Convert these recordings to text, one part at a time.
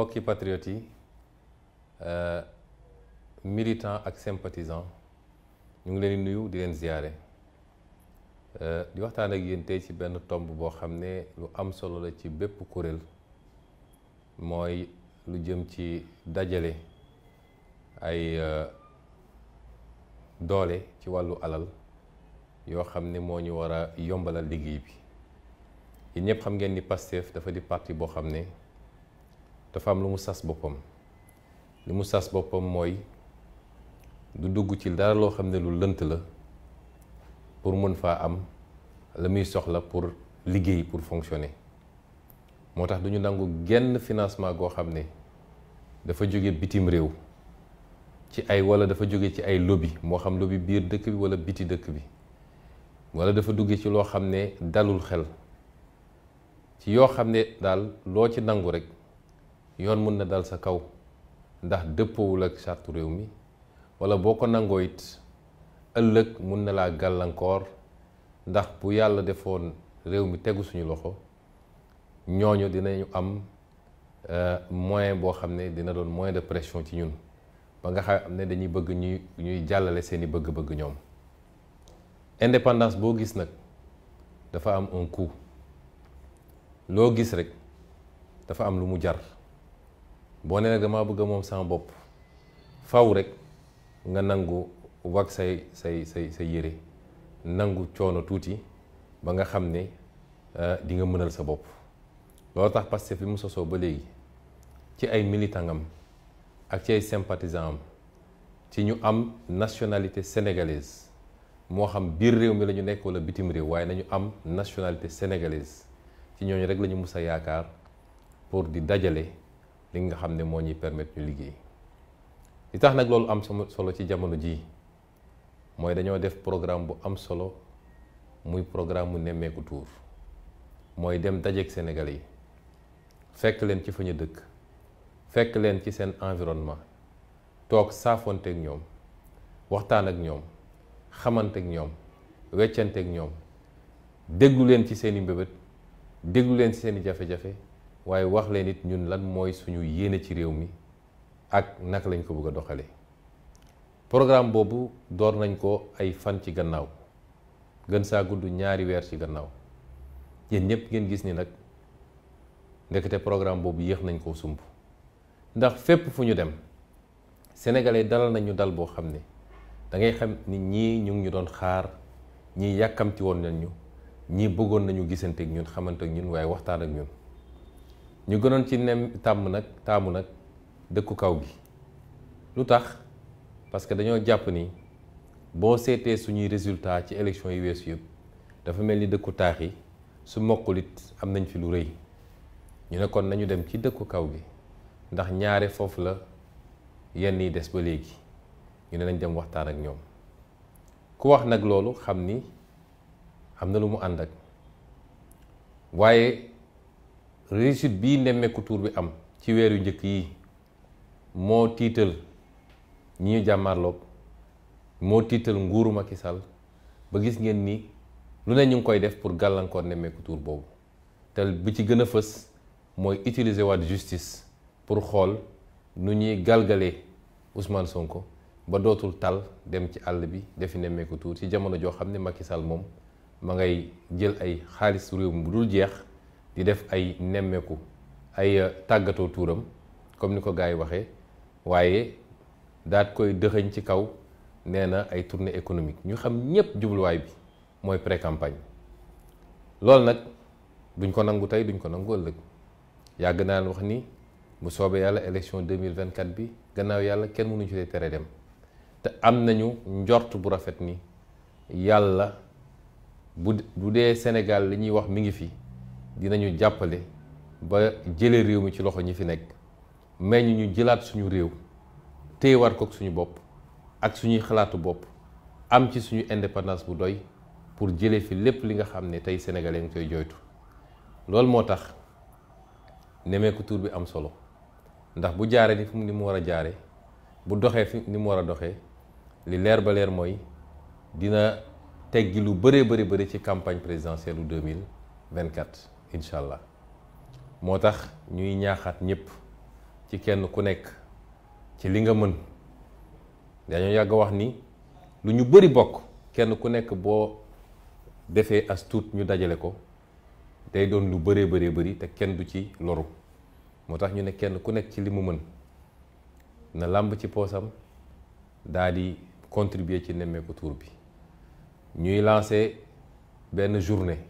bokki patriotes yi euh, militants ak sympathisants ñu ngi leen di nuyu di leen ziyaare euh, di waxtaan ak yéen tey ci benn tomb boo xam ne lu am solo la ci bépp kuréel mooy lu jëm ci dajale ay euh, doole ci wàllu alal yoo xam ne moo ñu war a yombalal liggéey bi yéen ñëpp xam ngeen ni Pastef dafa di parti boo xam ne dafa am lu mu sas boppam lu mu sas boppam mooy du dugg ci dara loo xam ne lu lënt la pour mën faa am la muy soxla pour liggéey pour fonctionner moo tax duñu nangu genn financement goo xam ne dafa jóge bitim réew ci ay wala dafa jóge ci ay lobby moo xam lobby biir dëkk bi wala biti dëkk bi wala dafa dugge ci loo xam ne dalul xel ci yoo xam ne daal loo ci nangu rek yoon mun na dal sa kaw ndax dëppoowul ak sartu réew mi wala boo ko nangoo it ëllëg mun na laa gàllankoor ndax bu yàlla defoon réew mi tegu suñu loxo ñooñu dinañu am euh, moyen boo xam ne dina doon moyen de pression ci ñun ba nga xam ne dañuy bëgg ñuy ñuy jàllale seeni bëgg-bëgg ñoom indépendance boo gis nag dafa am un coût loo gis rek dafa am lu mu jar boo nee nag damaa bëgg moom sama bopp faw rek nga nangu wag say say say say yére nangu coono tuuti ba nga xam ne euh, di nga mënal sa bopp loolu tax Pastef bi mu sosoo ba léegi ci ay militangam ak ci ay sympathisant am ci ñu am nationalité sénégalaise moo xam biir réew mi lañu ñu nekk wala bitim réew waaye nañu am nationalité sénégalaise ci ñooñu rek lañu ñu mus a yaakaar pour di dajale li nga xam ne moo ñuy permettre ñu liggéey li tax nag loolu am sama solo ci jamono jii mooy dañoo def programme bu am solo muy programme mu nemmeeku tuur mooy dem dajeek Sénégalais yi fekk leen ci fa dëkk fekk leen ci seen environnement toog saafonteeg ñoom waxtaan ak ñoom xamanteeg ñoom weccanteeg ñoom déglu leen ci seen i mbébét déglu leen ci seen i jafe-jafe waaye wax leen it ñun lan mooy suñu yéene ci réew mi ak naka lañ ko bëgg a doxale programme boobu door nañ ko ay fan ci gannaaw gën saa gudd ñaari weer ci gannaaw yéen ñëpp ngeen gis ni nag ndekete programme boobu yéex nañ koo sumb ndax fépp fu ñu dem sénégalais dalal nañu dal boo xam ne dangay xam nit ñii ñu ñu doon xaar ñii yàkkamti woon nañ ñu ñii bëggoon nañu gisante ak ñun xamante ñun waaye waxtaan ak ñun ñu gënoon ci nem tàmm nag taamu nag dëkku kaw gi lu tax parce que dañoo jàpp ni boo seetee suñuy résultat ci élection yi weesu yëpp dafa mel ni dëkku taax yi su mokkulit am nañ fi lu rëy ñu ne kon nañu dem ci dëkku kaw gi ndax ñaare foofu la yenn yi des ba léegi ñu ne nañ dem waxtaan ak ñoom ku wax nag loolu xam ni am na lu mu ànd ak waaye réussit bi nemmeeku tuur bi am ci weer yu njëkk yi moo tiital ñi ñu jàmmarloog moo tiital nguuru Macky Sall ba gis ngeen ni lu ne ñu ngi koy def pour gàllankoor nemmeeku tuur boobu te bi ci gën a fës mooy utiliser waat justice pour xool nu ñuy galgalee Ousmane Sonko ba dootul tal dem ci àll bi defi nemmeeku tuur ci jamono joo xam ne Macky Sall moom ma ngay jël ay xaalis réew mi bu dul jeex. di def ay nemmeeku ay euh, tàggatoo tuuram comme ni ko gars yi waxee waaye daat koy dëxëñ ci kaw nee na ay tournée économique ñu xam ñépp jubluwaay bi mooy pré-campagne loolu nag duñ ko nangu tey duñ ko nangu ëllëg yàgg naa wax ni mu soobee yàlla élection 2024 bi gannaaw yàlla kenn mënuñu ci tere dem te am nañu njort bu rafet ni yàlla bu bu dee Sénégal li ñuy wax mi ngi fi dinañu jàppale ba jëlee réew mi ci loxo ñi fi nekk mais ñu ñu jëlaat suñu réew téewaat ko ak suñu bopp ak suñuy xalaatu bopp am ci suñu indépendance bu doy pour jëlee fii lépp li nga xam ne tey sénégalais ngi koy jooytu loolu moo tax nemeeku tur bi am solo ndax bu jaaree ni fu mu ni mu war a jaare bu doxee fi ni mu war a doxee li leer ba leer mooy dina teggi lu bëree bëri bëri ci campagne présidentielle u 2024 incha allah moo tax ñuy ñaaxaat ñëpp ci kenn ku nekk ci li nga mën dañoo yàgg wax ni lu ñu bëri bokk kenn ku nekk boo defee as tuut ñu dajale ko day doon lu bëree bëree bëri te kenn du ci loru moo tax ñu ne kenn ku nekk ci li mu mën na làmb ci poosam daal di contribuer ci nemmeeku tuur bi ñuy lancer benn journée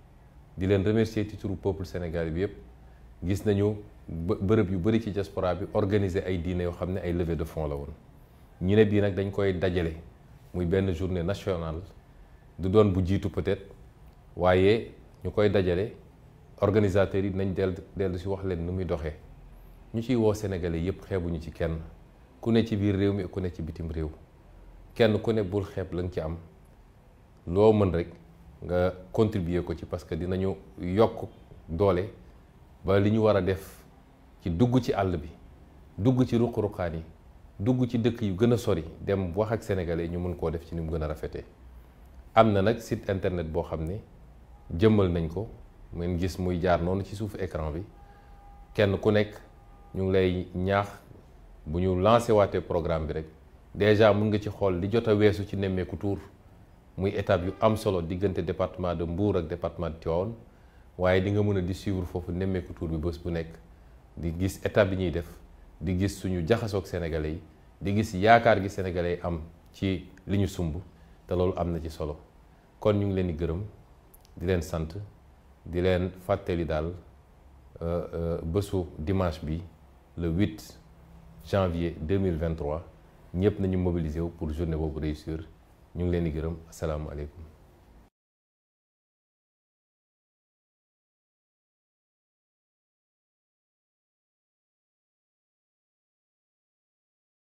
di leen remercier ci turu peuple sénégalais bi yëpp gis nañu bërëb yu bëri ci diaspora bi organiser ay diine yoo xam ne ay levée de fonds la woon ñu ne bii nag dañ koy dajale muy benn journée nationale du doon bu jiitu peut-être waaye ñu koy dajale organisateurs yi nañ dell dellu si wax leen nu muy doxee ñu ciy woo sénégalais yëpp xeebuñu ci kenn ku ne ci biir réew mi ku ne ci bitim réew kenn ku ne bul xeeb lañ ci am loo mën rek nga contribuer ko ci parce que dinañu yokk doole ba li ñu war a def ci dugg ci àll bi dugg ci ruq-ruqaan yi dugg ci dëkk yu gën a sori dem wax ak sénégalais ñu mën koo def ci ni mu gën a rafetee am na nag site internet boo xam ne jëmmal nañ ko ngeen gis muy jaar noonu ci suuf ecran bi kenn ku nekk ñu ngi lay ñaax bu ñu lancé waatee programme bi rek déjà mun nga ci xool li jot a weesu ci nemmeeku tuur muy étape yu am solo diggante département de Mbour ak département de waaye di nga mën a di suivre foofu nemmeeku tour bi bés bu nekk di gis étape bi ñuy def di gis suñu jaxasoog sénégalais yi di gis yaakaar gi sénégalais yi am ci li ñu sumb te loolu am na ci solo kon ñu ngi leen di gërëm di leen sant di leen fàttali daal euh, euh, bésu dimanche bi le 8 janvier 2023 ñëpp nañu mobiliser wu pour journée boobu réussir ñu ngi leen di gërëm asalaamualeykum